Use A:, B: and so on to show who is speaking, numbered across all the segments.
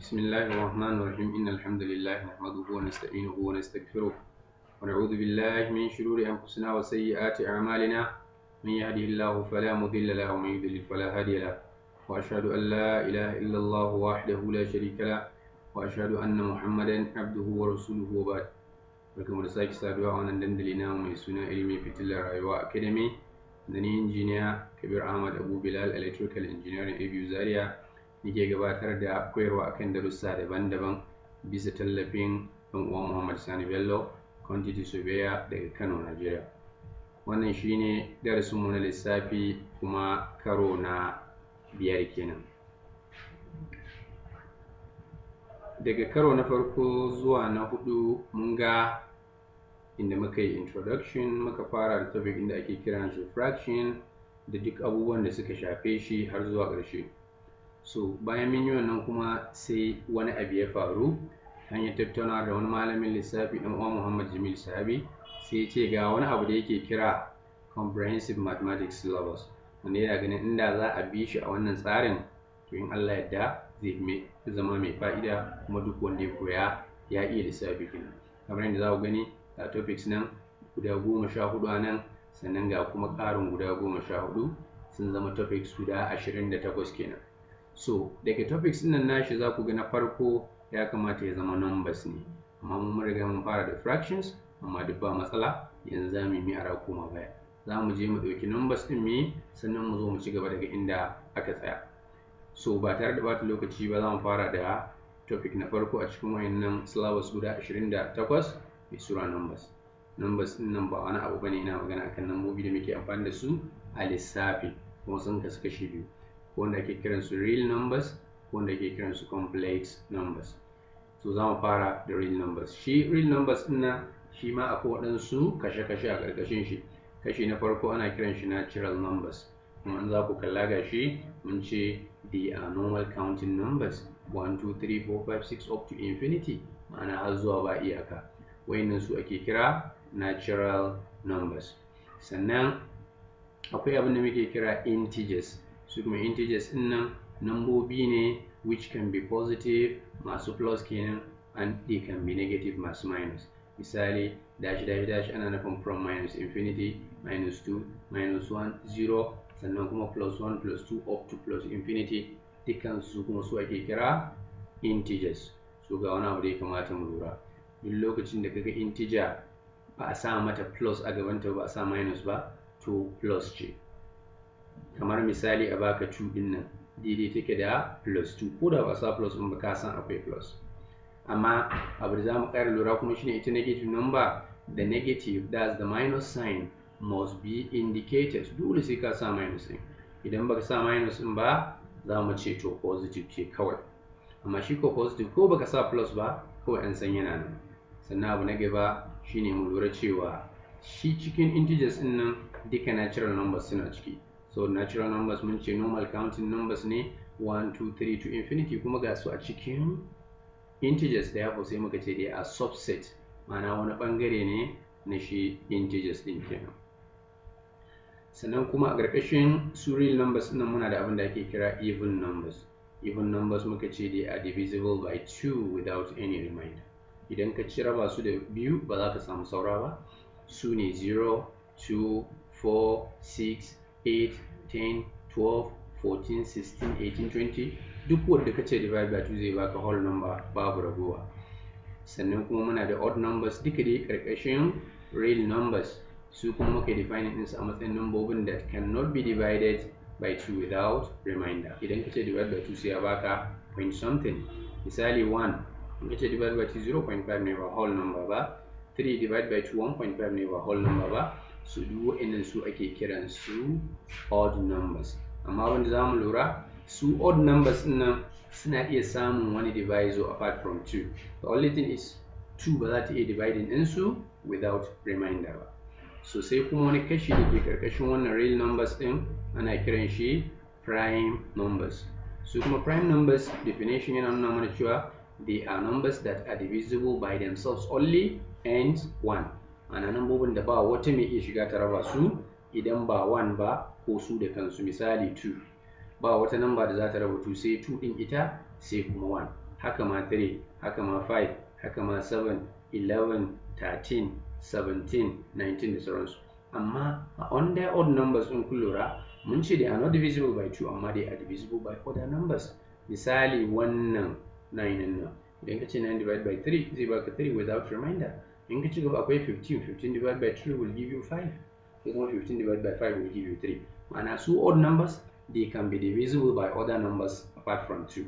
A: بسم الله الرحمن الرحيم إن الحمد لله نحمده ونستعينه ونستغفره ونعوذ بالله من شرور أنفسنا وسيئات أعمالنا من يهده الله فلا مضل له ومن يضلل فلا هادي له وأشهد أن لا إله إلا الله وحده لا شريك له وأشهد أن محمدا عبده ورسوله وبعد barkamu da sake saduwa a wannan dandali na mai suna ilimi fitilar rayuwa academy da ni injiniya kabir ahmad abu bilal electrical engineering abu zaria muke gabatar da koyarwa a kan darussa daban-daban bisa tallafin ɗan uwan Muhammad Sani Bello Kwantiti Sobeya daga Kano, Najeriya. Wannan shine mu na lissafi kuma karo na biyar kenan. Daga karo na farko zuwa na hudu mun ga inda muka yi introduction muka fara da topic inda ake kiran fraction da duk abubuwan da suka shafe shi har zuwa ƙarshe. so bayan mun yi wannan kuma sai wani abu ya faru an yi tattauna da wani malamin lissafi ɗan uwan muhammad jimil sahabi sai ce ga wani abu da yake kira comprehensive mathematics syllabus wanda yana ganin inda za a bi shi a wannan tsarin to in allah yadda zai zama mai fa'ida kuma duk wanda ya koya ya iya lissafi kenan kamar yadda za ku gani ga topics nan guda goma sha hudu a nan sannan ga kuma ƙarin guda goma sha hudu sun zama topics guda ashirin da takwas kenan so daga topics ɗin nashi za ku ga na farko ya kamata ya zama numbers ne amma mun riga mun fara da fractions amma duk ba matsala yanzu za mu yi ara koma baya za mu je mu ɗauki numbers ɗin mu sannan mu zo mu ci gaba daga inda aka tsaya so ba tare da bata lokaci ba za mu fara da topic na farko a cikin wayannan syllabus guda 28 mai sura numbers numbers ɗin nan ba wani abu bane ina magana akan nambobi da muke amfani da su a lissafi kuma sun kasu kashi biyu wanda ake kiran su real numbers wanda ake kiran su complex numbers so za mu fara da real numbers shi real numbers na shi ma akwai waɗansu kashe-kashe a ƙarƙashin shi kashi na farko ana kiran shi natural numbers kuma za ku kalla ga shi mun ce the are normal counting numbers 1 2 3 4 5 6 up to infinity ma'ana har zuwa ba iyaka wayannan su ake kira natural numbers sannan akwai abin da muke kira integers su kuma integers din nan nambobi ne which can be positive masu plus kenan and they can be negative masu minus misali dash dash dash ana nufin from minus infinity minus 2 minus 1 0 sannan kuma plus 1 plus 2 up to plus infinity dukkan su kuma su ake kira integers so ga wani abu da ya kamata mu lura duk lokacin da kaga integer ba a sa mata plus a gaban ta ba a sa minus ba to plus ce kamar misali a baka 2 din nan daidai take da plus 2 ko da ba sa plus ba ka san akwai plus amma abu da za mu ƙara lura kuma shine ita negative number the negative that's the minus sign must be indicated dole sai ka sa minus ɗin idan baka sa minus ɗin ba za mu ce to positive ce kawai amma shi ko positive ko baka sa plus ba kawai an san yana nan sannan abu na gaba shine mu lura cewa shi cikin integers ɗin nan duka natural numbers suna ciki so natural numbers mun ce normal counting numbers ne 1 2 3 to infinity kuma ga su a cikin integers da yako sai muka ce dai a subset ma'ana wani bangare ne na shi integers din kenan sannan kuma a ƙarƙashin su real numbers nan muna da abin da ake kira even numbers even numbers muka ce dai are divisible by 2 without any reminder idan ka ci raba su da biyu ba za ka samu saura ba su ne 0 2 4 6 8 10 12 14 16 18 20 duk wanda ka ce divide by 2 zai baka whole number babu ragowa sannan kuma muna da odd numbers duka dai karkashin real numbers su kuma muka define din su a matsayin numbobin that cannot be divided by 2 without reminder idan ka ce divide by 2 sai ya baka point something misali 1 ka ce divide by 2 0.5 ne ba whole number ba 3 divide by 2 1.5 ne ba whole number ba su duk wa'annan su ake kiran su odd numbers amma wanda za mu lura su odd numbers nan suna iya samun wani divisor apart from 2 the only thing is 2 ba za ta iya dividing din su without reminder ba so sai kuma wani kashi da ke karkashin wannan real numbers ɗin ana kiran shi prime numbers so kuma prime numbers definition yana nuna mana cewa they are numbers that are divisible by themselves only and 1 ana bobin da ba wata mai iya shiga ta raba su idan ba 1 ba ko su da kansu misali 2 ba wata namba da za ta raba 2 sai 2 din ita sai kuma 1 haka ma 3 haka ma 5 haka ma 7 11 13 17 19 da sauransu amma a under odd numbers in kun lura mun ce they are not divisible by 2 amma they are divisible by other numbers misali wannan 9 nan idan ka ce 9 divided by 3 zai baka 3 without reminder in ka ci gaba akwai 15 15 divided by 3 will give you 5 sai kuma 15 divided by 5 will give you 3 ma'ana su odd numbers they can be divisible by other numbers apart from 2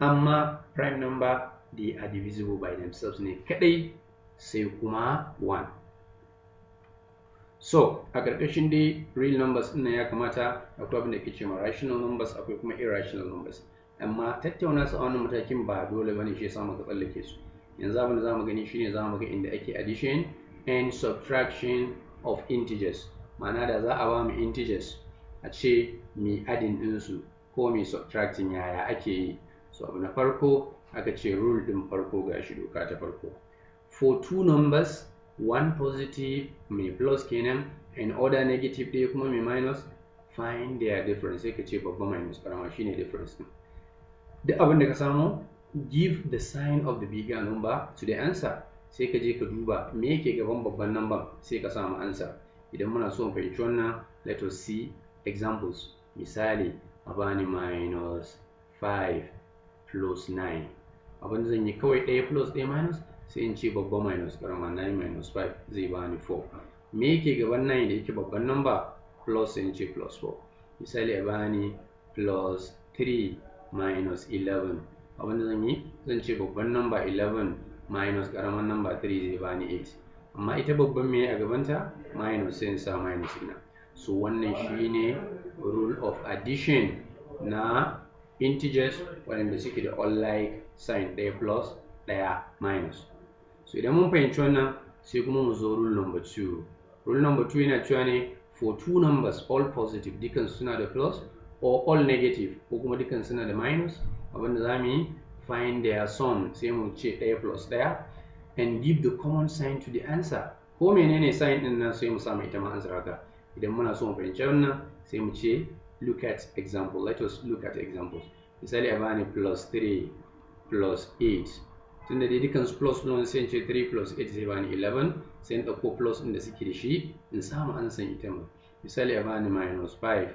A: amma prime number they are divisible by themselves ne kadai sai kuma 1 so a ƙarƙashin dai real numbers ɗin ya kamata akwai abin da ke cewa rational numbers akwai kuma irrational numbers amma tattauna su a wannan matakin ba dole bane shi ya samu ka tsallake su yanzu abin da za mu gani shine za mu ga inda ake addition and subtraction of integers ma'ana da za a ba mu integers a ce mi adin ɗinsu ko mai subtracting yaya ake yi so abu na farko aka ce rule ɗin farko ga shi doka ta farko for two numbers one positive mai plus kenan and other negative ɗaya kuma mai minus find their difference sai ka ce babba minus ƙarama shine difference din duk abin da ka samu give the sign of the bigger number to the answer sai ka je ka duba me yake gaban babban number sai ka samu answer idan muna so mu fahimci wannan let us see examples misali abani minus 5 plus 9 abin zan yi kawai 1 plus 1 minus sai in ce babban minus karama 9 minus 5 zai bani 4 me yake gaban 9 da yake babban number plus sai in ce plus 4 misali abani plus 3 minus 11 abinda zan yi zan ce babban namba 11 minus karaman namba 3 zai ba ni 8 amma ita babban mai a gabanta minus sai sa minus ina so wannan shine rule of addition na integers waɗanda suke da unlike sign ɗaya plus ɗaya minus so idan mun fahimci wannan sai kuma mu zo rule number 2 rule number 2 yana cewa ne for two numbers all positive dukan suna da plus or all negative ko kuma dukan suna da minus abinda za mu yi find their sum sai mu ce ɗaya plus ɗaya and give the common sign to the answer ko menene sign din nan sai mu sa ita ma answer haka idan muna so mu fahimci wannan sai mu ce look at example let us look at examples misali a bani plus 3 plus 8 tunda dai dukkan su plus ɗin sai in ce 3 plus 8 zai bani 11 sai in ɗauko plus ɗin da suke da shi in samu ansan ita ma misali a bani minus 5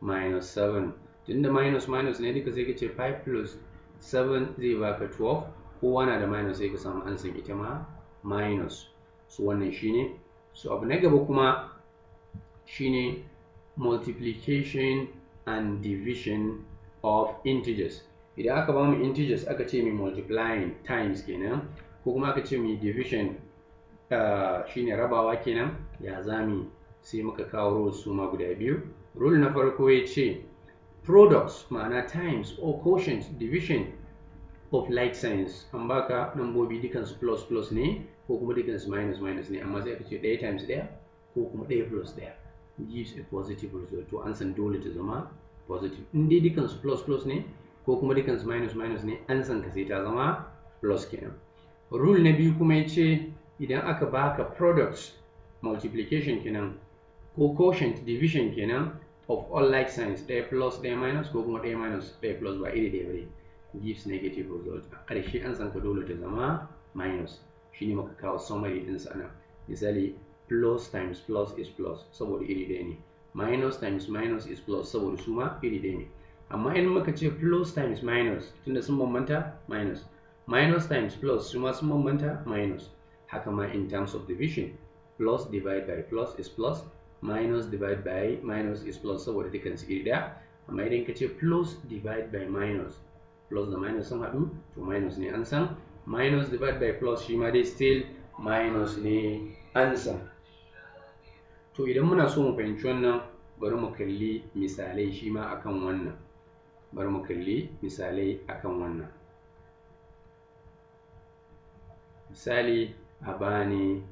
A: minus 7 da minus minus ne duka sai ka ce 5 plus 7 zai baka 12 kowa na da minus sai ka samu ansa ita ma minus so wannan shine so abu na gaba kuma shine multiplication and division of integers idan aka ba mu integers aka ce mai multiplying times kenan ko kuma aka ce mai division uh, shine rabawa kenan ya zami sai muka kawo rules su ma guda biyu rule na farko ya ce products ma'ana times or quotient division of like signs an baka nambobi dukansu plus plus ne ko kuma dukansu minus minus ne amma sai aka ce ɗaya times ɗaya ko kuma ɗaya plus ɗaya gives a positive result to answer dole ta zama positive in dai dukansu plus plus ne ko kuma dukansu minus minus ne an san ka sai ta zama plus kenan rule na biyu kuma ya ce idan aka baka products multiplication kenan ko quotient division kenan of oh, all like signs ɗaya plus ɗaya minus ko kuma ɗaya minus ɗaya plus ba iri ɗaya bane gives negative result a ƙarshe an san ka dole ta zama minus shine maka kawo summary din sa nan misali plus times plus is plus saboda iri ɗaya ne minus times minus is plus saboda su ma iri ɗaya ne amma in muka ce plus times minus tunda sun bambanta minus minus times plus su ma sun bambanta minus haka ma in terms of division plus divide by plus is plus minus divide by minus is plus saboda what su iri daya amma idan ka plus divide by minus plus da minus sun haɗu to minus ni answer minus divide by plus she might dai still minus ni an to idan muna so mu fahimci wannan bari mu kalli misalai shi ma akan wannan bari mu kalli misalai akan wannan misali a bani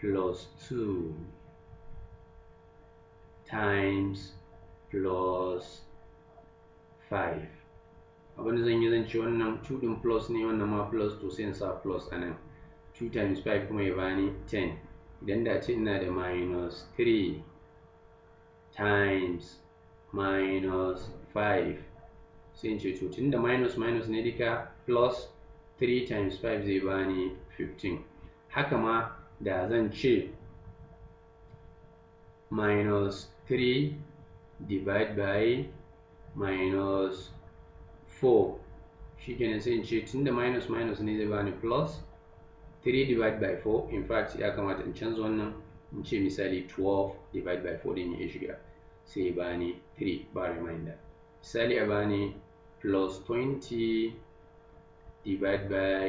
A: plus 2 times plus 5 abinda zan yi zan ce wannan 2 din plus ne wannan ma plus 2 sai sa plus a nan 2 times 5 kuma ya bani 10 idan da ce ina da minus 3 times minus 5 sai in ce to tun da minus minus ne duka plus 3 times 5 zai bani 15 haka ma da zan ce minus 3 divide by minus 4 shi kenan sai in ce tun da minus minus ne zai bani plus 3 divide by 4 in fact ya kamata in canza wannan in ce misali 12 divide by 4 din ya shiga sai bani 3 ba reminder misali a bani plus 20 divide by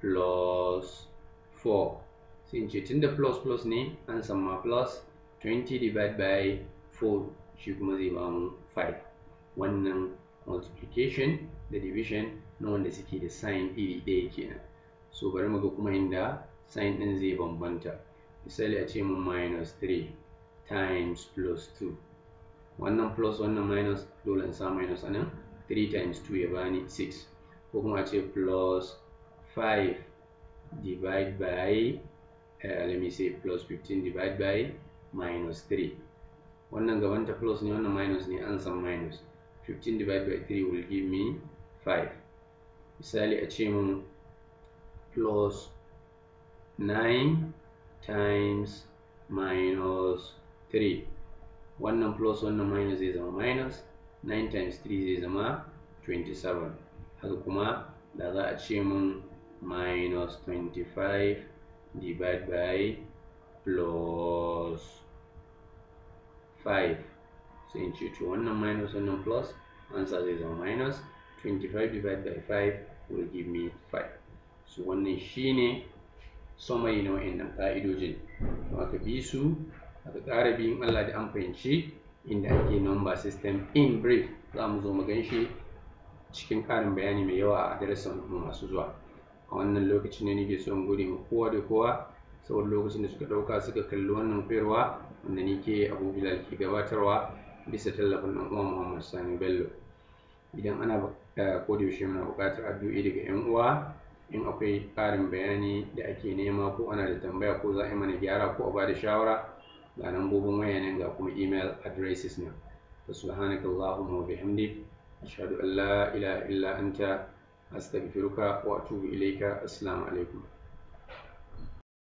A: plus 4 sai in ce tun da plus plus ne an samma plus 20 divided by 4 shi kuma zai ba mu 5 wannan multiplication da division na wanda suke da sign iri ɗaya kenan so bari mu ga kuma inda sign ɗin zai bambanta misali a ce mu minus 3 times plus 2 wannan plus wannan minus dole in sa minus anan 3 times 2 ya bani 6 ko kuma a ce plus 5 divide by uh, let me say plus 15 divide by minus 3 wannan gabanta plus ne wannan minus ne an san minus 15 divided by 3 will give me 5 misali a ce mun plus 9 times minus 3 wannan plus wannan minus zai zama minus 9 times 3 zai zama 27 haka kuma da za a ce mun minus 25 divided by plus 5 sai wannan minus wannan plus answer zai zama minus 25 divided by 5 will give me 5 so wannan shine summary na wa'annan ka'idojin to aka bi su aka ƙara biyun Allah da an fahimci inda ake number system in brief za mu zo mu gan shi cikin karin bayani mai yawa a darasin mu masu zuwa a wannan lokacin ne nake so in gode ma kowa da kowa saboda lokacin da suka ɗauka suka kalli wannan koyarwa wanda ni ke abu bilal ke gabatarwa bisa tallafin ɗan uwan muhammad sani bello idan ana eh, ko da yaushe muna buƙatar addu'i daga yan uwa in akwai ƙarin bayani da ake nema ko ana da tambaya ko za a yi mana gyara ko a ba da shawara ga lambobin waya ne ga kuma email addresses nan subhanaka allahumma wa bihamdik ashhadu an la ilaha illa anta astaghfiruka wa atubu ilayka assalamu alaikum